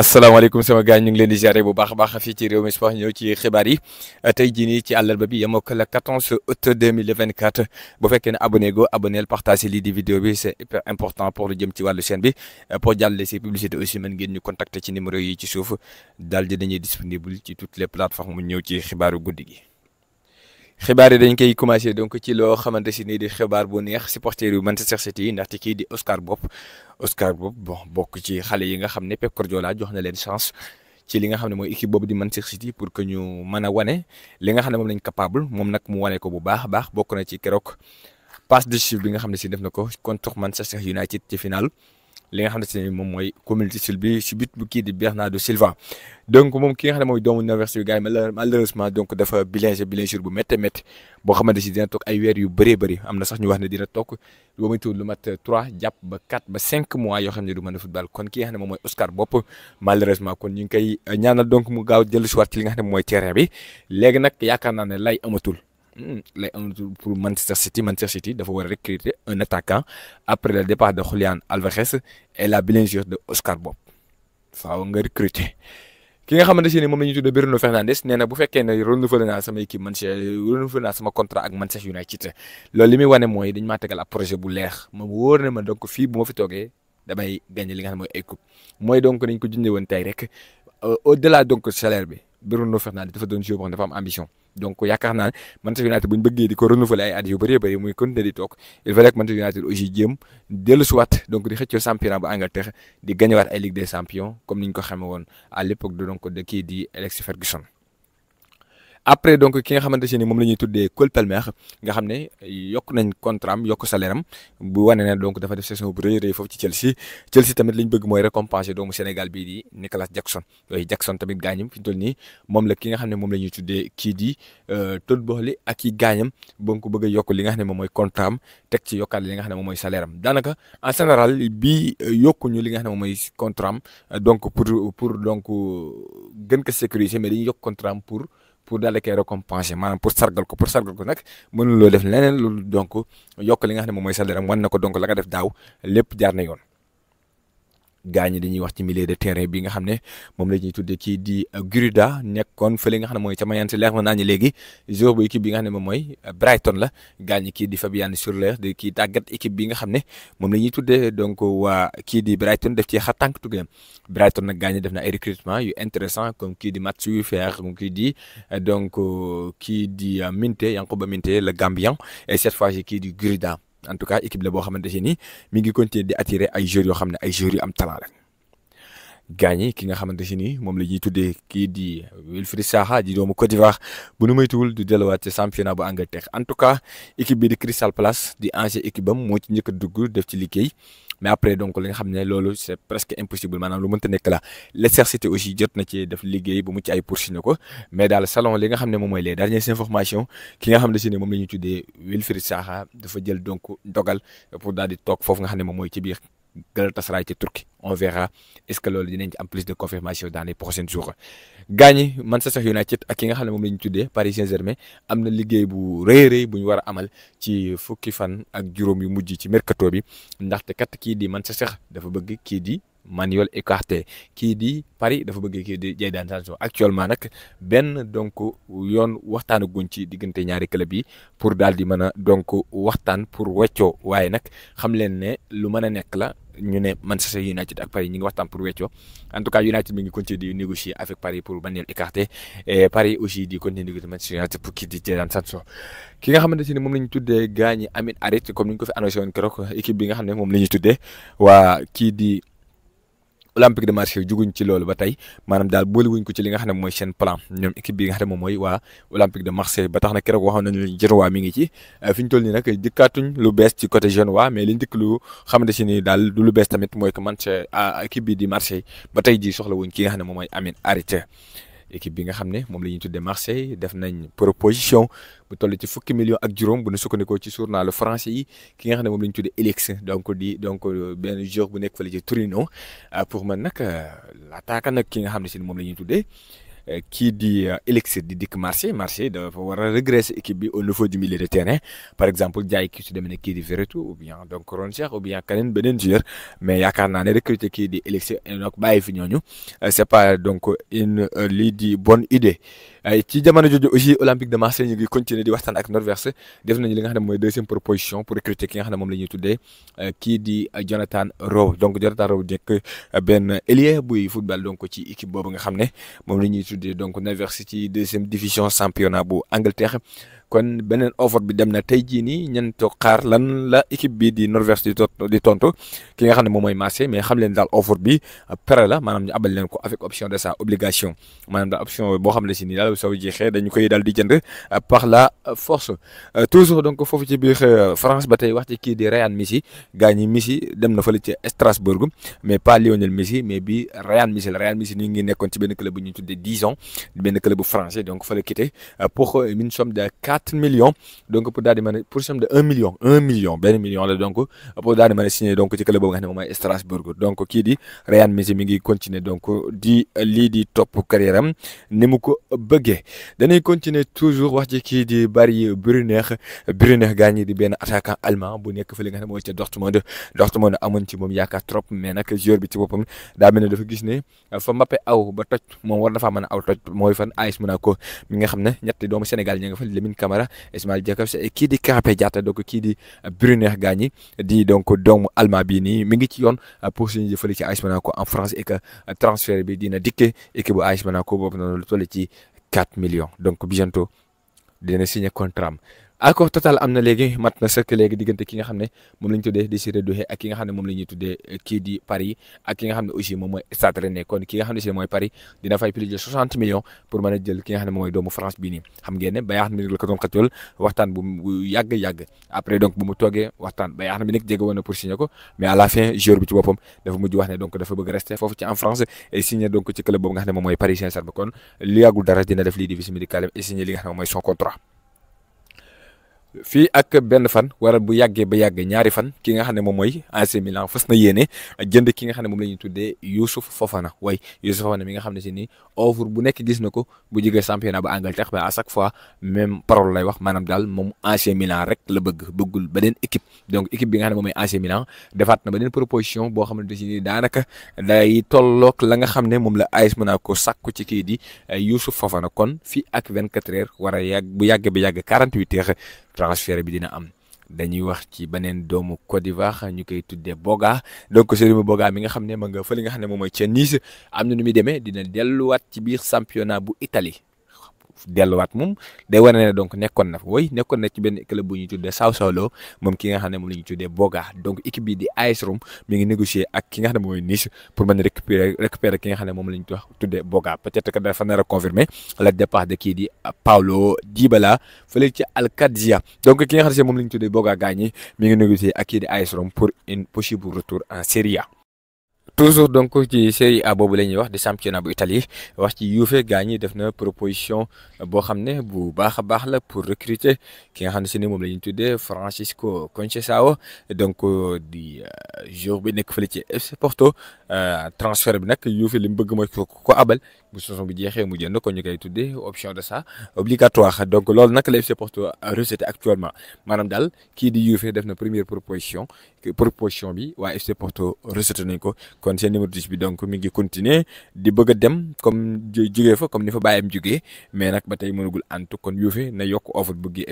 asalaamaaleykum sama gars ñu ngi leen di ziare bu baax a baax fii ci réew mi sport ñëw ci xibaar yi tey ji nii ci àllarba bi yemoo ko le 14 août 2024 bu fekkee ne abonné go abonneel partagé lii di vidéo bi c'est hyper important pour lu jëm ci wàllu chaîne bi pour jàllale si publicité aussi mën ngeen ñu contacter ci numéro yi ci suuf daal di dañuy disponible ci toutes les plateformes ñëw ci xibaaru guddi gi. xibaar yi dañ koy commencé donc ci loo xamante si nii di xibaar bu neex supporter yu Manchester City ndaxte kii di Oscar Bob Oscar Bob bon bokk ci xale yi nga xam ne Pep Guardiola jox na leen chance ci li nga xam ne mooy équipe boobu di Manchester City pour que ñu mën a wane li nga xam ne moom lañ capable moom nag mu wane ko bu baax a baax bokk na ci keroog passe décisive bi nga xam ne si def na ko contre Manchester United ci final. li nga xam ne moom mooy communauté sil bi si but bu kii di Bernardo Silva donc moom ki nga xam ne mooy doomu université bi gars yi malheureusement donc dafa blessé blessure bu méttee méttee boo xamante si dina toog ay weer yu bëree bëri am na sax ñu wax dina toog lu muy tudd lu mat 3 jàpp ba 4 mois yoo xam ne du mën a football kon ki nga xam ne moom mooy Oscar Bopp malheureusement kon ñu ngi koy ñaanal donc mu gaaw jël si waat ci li nga xam ne mooy terrain bi léegi nag yaakaar naa ne lay amatul. Hmm, les euh, pour Manchester City Manchester City dafa war a recruter un attaquant après le départ de Julian Alvarez et la blessure de Oscar Bob faaw nga recruter ki nga xamante ne moom la ñuy tuddee Bruno Fernandes nee na bu fekkee ne renouvelé naa sama équipe Manchester renouvelé naa sama contrat ak Manchester United loolu li muy wane mooy dañ maa tegal a projet bu leex ma wóor ne ma donc fii bu ma fi toogee damay gagné li nga xam mooy ay mooy donc dañ ko jëndee woon tey rek euh, au delà donc salaire bi. Bruno Fernandes dafa doon joueur boo xam dafa am ambition donc yaakaar naa ne Manchester United bu ñu bëggee di ko renouveler ay at yu bëree muy continuer di il fallait que Manchester United aussi jéem dellusiwaat donc di xëccoo championnat bu Angleterre di gañewaat ay Ligue des champions comme ni ñu ko xamee woon à l'époque donc de kii di Alex Ferguson. après donc ki nga xamante ne moom la ñuy tuddee Cole Palmer nga xam ne yokk nañ contrat yokk salaire am bu wane ne donc dafa def saison bu rëy rëy foofu ci Chelsea Chelsea tamit li bëgg mooy récompenser doomu Sénégal bi di Nicolas Jackson yooyu Jackson tamit ñu toll nii moom la ki nga xam ne moom la ñuy tuddee kii di euh, Todd Boehly ak i gaañam ba nga bëgg yokk li nga xam ne moom mooy contrat am teg ci yokkaat li nga xam ne moom mooy salaire am daanaka en général bii euh, yokkuñu li nga xam ne mooy contrat am euh, donc pour pour donc gën ko sécuriser mais dañuy yokk contrat pour. pour daal di koy récompenser maanaam pour sargal ko pour sargal ko nag mënuloo def leneen loolu donc yokk li nga xam ne moom mooy salaire am wan na ko donc la nga def daaw lépp jaar na yoon. gaa ñi dañuy wax ci milieu de terrain bi nga xam ne moom la ñuy tuddee kii di Gruda nekkoon fële nga xam ne mooy ca Mayence leer ma naa ñu léegi joueur bu équipe bi ne moom mooy Brighton la gaa ñi kii di Fabian Schürrle di kii tàggat équipe bi nga xam ne moom la ñuy tuddee donc waa kii di Brighton def ci xar tànk tuggéem Brighton na gaa ñi def na ay recrutement yu intéressant comme kii di Mats Huijfer comme kii di donc kii di euh, Minte Yankuba Minte le Gambien et cette fois kii di Gruda en tout cas équipe la boo xamante ne nii mi ngi continuer di attirer ay joueurs yoo xam ne ay joueurs am talent gaañi ki nga xamante si ni moom la ñuy tuddee kii di Wilfried Zaha di doomu Côte d'Ivoire bu nu moytuwul du delluwaat ci championnat bu Angleterre en tout cas équipe bi di Crystal Palace di ancien équipe bam moo ci njëkk dugg def ci liggéey mais après donc li nga xam ne loolu c'est presque impossible maanaam lu mënta nekk la Leicester City aussi jot na ci def liggéey bu mu ci ay poursuivre ko mais daal salon li nga xam ne moom mooy les dernières informations ki nga xam ne si ne moom la ñuy tuddee Wilfried Zaha dafa jël donc ndogal pour daal di toog foofu nga xam ne moom mooy ci biir Galatasaray ci Turquie on verra est-ce que loolu dinañ ci am plus de confirmation dans les prochains jours gaañi Manchester United ak ki nga xam ne moom la ñu tuddee Paris Saint-Germain am na liggéey bu rëy rëy bu ñu war a amal ci fukki fan ak juróom yu mujj ci mercato bi ndaxte kat kii di man sa Manchester dafa bëgg kii di. Manuel Ugarte kii di Paris dafa bëgg kii di Jadon Sancho actuellement nag benn donc yoon waxtaanu guñ ci diggante ñaari club yi pour daal di mën a donc waxtaan pour weccoo waaye nag xam leen ne lu mën a nekk la ñu ne Manchester United ak Paris ñi ngi waxtaan pour weccoo en tout cas United mi ngi continuer di négocier avec Paris pour Manuel Ugarte et Paris aussi di continuer United pour kii di Jadon Sancho ki nga xamante ne moom la ñu gaañi Amine comme ni ñu ko fi annoncé woon keroog équipe bi nga xam ne moom la ñu waa kii di. Olympique de Marseille juguñ ci loolu ba tey maanaam daal boolewuñ ko ci li nga xam ne mooy seen plan ñoom équipe bi nga xam ne moom mooy waa Olympique de Marseille ba tax na keroog waxoon nañu ne mi ngi ci euh, fi ñu toll nii nag dikkaatuñ lu bees ci côté Genoa mais liñ dikk lu xamante si ni daal du lu bees tamit mooy que man équipe bi di Marseille ba tey jii soxla wuñ ki nga xam ne moom mooy Amine Arité équipe bi nga xam ne moom la ñuy tuddee Marseille def nañ proposition bu toll ci fukki million ak juróom bu nu sukkandikoo ci journal français yi ki nga xam ne moom la ñu tuddee Elix donc di donc euh, benn joueur bu nekk fële ci Torino ah, pour man nag euh, laataaka nag ki nga xam ne si ni moom la ñuy tuddee. kii di Élixir euh, di dikk marché marché dafa war a regresser bi au niveau du milieu de terrain par exemple jaay ki su demee ne kii di Veretout ou bien donc Ron ou bien keneen beneen joueur mais yaakaar naa ne recruter kii di Élixir donc bàyyi fi ñooñu euh, c'est pas donc une euh, lii di bonne idée. ay ci jamono jooju aussi olympique de Marseille ñu ngi continuer di waxtaan ak Norvège def nañu li nga xam ne mooy deuxième proposition pour recruter ki nga xam ne moom la ñuy tuddee euh, kii di Jonathan Rowe donc Jonathan Rowe nekk euh, benn ailier buy football donc ci équipe boobu nga xam ne moom la ñuy tuddee donc Norvège ci deuxième division championnat bu Angleterre. kon beneen offre bi dem na tey jii nii ñan toog xaar lan la équipe bi di Norvège di di ki nga xam ne moom mooy Marseille mais xam leen daal offre bi prêt la maanaam ñu abal leen ko avec option d'achat obligation maanaam daal option boo xam ne si nii daal soo jeexee dañu koy daal di jënd par la force toujours donc foofu ci biir euh, France ba tey wax ci kii di Ryan Messi gaa ñi Messi dem na fële ci Strasbourg mais pas Lionel Messi mais bi Ryan Messi ci benn club bu ñu tuddee Dijon benn club 4 millions donc pour daal di mën a pour somme de million 1 million benn million la donc pour daal di mën a signé donc ci boobu nga xam ne Strasbourg donc kii di Ryan Messi mi ngi continuer donc di lii di topp carrière am ni mu ko toujours wax ci di Bary Brunex Brunex di benn attaquant allemand bu nekk fële nga xam ne mooy ca Dortmund Dortmund amoon ci moom yaakaar trop mais nag joueur bi ci daa mel ne dafa gis ne fa Mbappé aw ba toj moom war na faa mën a aw toj mooy fan AS Monaco mi nga Camara Ismail Jakobs eh, kii di Krépin Diatta donc kii di eh, Bruno Gagny di donc doomu allemand bii nii mi ngi ci yoon eh, pour suñu jëfale ci AS Monaco en France et que transfert bi dina dikke équipe bu AS Monaco boobu noonu lu toll ci 4 millions donc bientôt dina signé contrat am accord total am na léegi mat na sëkk diggante ki nga xam ne moom la ñu tuddee euh, kii di Paris ak nga xam ne aussi moom mooy Stade kon ki nga xam ne si mooy Paris dina a jël ki nga xam ne mooy doomu France bii nii xam ngeen ne Bayern na pour ne donc dafa bëgg rester foofu ci en France et signer donc ci club boobu kon li yàggul dara dina def lii di visite médicale et signer li nga xam ne moom mooy son contrat fii ak benn fan wala bu yàggee ba yàgg ñaari fan ki nga xam ne moom mooy AC Milan fës na yéene jënd ki nga xam ne moom la ñuy tuddee Youssouf Fofana way Youssouf Fofana mi nga xam si ni offre bu nekk gis na ko bu jege championnat ba ba à chaque fois même parole lay wax maanaam daal moom AC Milan rek la bëgg bëggul beneen équipe donc équipe bi nga xam ne moom mooy AC Milan na beneen proposition boo xamante si ni daanaka day tolloog la nga xam ne moom la AS Monaco sàkku ci kii di Youssouf Fofana kon fii ak 24 heures war yàgg bu yàggee ba yàgg 48 heures transfert bi dina am dañuy wax ci beneen doomu Côte d'Ivoire ñu koy tuddee Boga donc Serigne Boga mi nga xam ne ma nga fa li nga xam ne moom mooy ca Nice am na nu muy demee dina delluwaat ci biir championnat bu itali delluwaat moom day wane donc nekkoon na fa woy nekkoon na ci benn club bu ñuy tuddee Sao Solo moom ki nga xam ne moom la ñuy tuddee Boga donc équipe bi di AS Rome mi ngi ak ki nga xam ne mooy Nice pour mën a récupérer récupérer ki moom la ñu tuddee Boga peut-être que dafa nar a confirmer le départ de kii di Paulo Dybala fële ci Al-Qadsia donc ki nga xam ne moom la ñu tuddee Boga gaañi mi ngi négocier ak kii di AS Rome pour une possible retour en Serie toujours donc ci série A boobu la ñuy wax di championnat bu Italie wax ci Juve gaañi def na proposition boo xam ne bu baax a baax la pour recruter ki nga xam ne si ne moom la ñuy tuddee Francisco Conceição donc euh, di euh, jour bi nekk fële ci FC Porto euh, transfert bi nag Juve li mu bëgg mooy ko ko abal bu saison bu jeexe mu jënd ko ñu koy tuddee option de ça obligatoire donc loolu nag la FC Porto rejeté actuellement maanaam daal kii di Juve def na première proposition proposition bi waa FC Porto nañ ko. kon seen numéro 10 mi ngi continuer di bëgg a dem comme jógee fa comme ni fa bàyyam mais nag ba tey mënagul antu kon Juve na yokk offre bëgg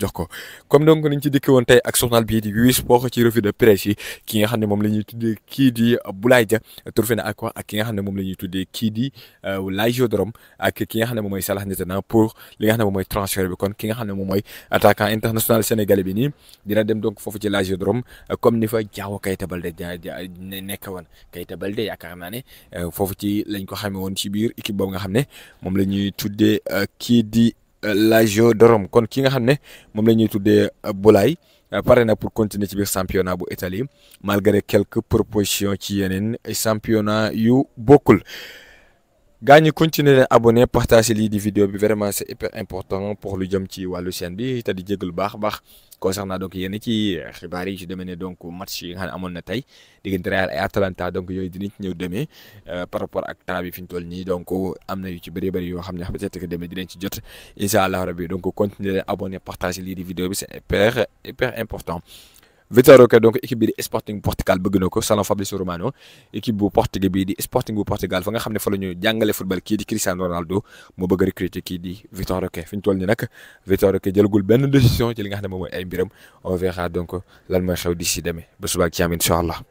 jox ko comme donc niñ ci dikki woon tey ak journal bii di huis boo ko ci ki nga xam ne moom la ñuy tuddee kii ak ki nga xam ne moom la ñuy tuddee kii di euh, Lazio de Rome ak ki nga xam ne pour li nga xam ne moom mooy transfert bi kon ki nga xam ne moom mooy attaquant international sénégalais bi nii dina dem donc foofu ci Lazio de Rome comme ni fa Diao Keita Baldé nekk woon Keita Baldé yaakaar naa ne euh, foofu ci lañ ko xame woon ci biir équipe boobu nga xam ne moom la ñuy tuddee euh, kii di euh, Lazio de Rome kon ki nga xam ne moom la ñuy tuddee Boulaye pare na pour continuer ci biir championnat bu Italie malgré quelques propositions ci yeneen championnat yu bokkul gaa ñi continuer leen abonné partager lii di vidéo bi vraiment c'est hyper important pour lu jëm ci wàllu chaîne bi te di jégalu baax baax. concernant donc yenn ci xibaar yi ci demee ne donc match yi nga xam ne amoon na tey diggante Real ay Atalanta donc yooyu dinañ ci ñëw demee euh, par rapport ak temps bi fi ñu toll nii donc am na yu ci bëri bëri yoo xam ne peut-être que demee dinañ ci jot incha allah rabi donc continuer leen abonné partager lii di vidéo bi c'est hyper hyper important. Vitor Roque donc équipe bii di Sporting Portugal bëgg na ko selon Fabrício Romano équipe bu Portugais bii di Sporting bu Portugal fa nga xam ne fa la jàngale football kii di Cristiano Ronaldo moo bëgg a kii di Vitor Roque fi ñu toll nii nag Vitor Roque jëlagul benn décision ci nga xam ne mooy ay mbiram on verra donc lan mooy xew d'ici demee ba suba ak jàmm incha allah.